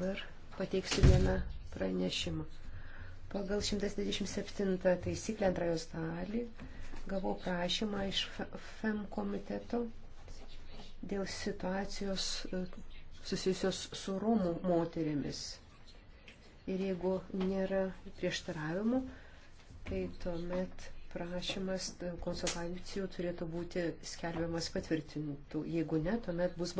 Dabar pateiksiu vieną pranešimą. Pagal 127 taisyklę antrajos dalį gavau prašymą iš FEM komiteto dėl situacijos e, susijusios su Romų moterimis. Ir jeigu nėra prieštaravimų, tai tuomet prašymas e, konsultacijų turėtų būti skelbiamas patvirtintų. Jeigu ne, tuomet bus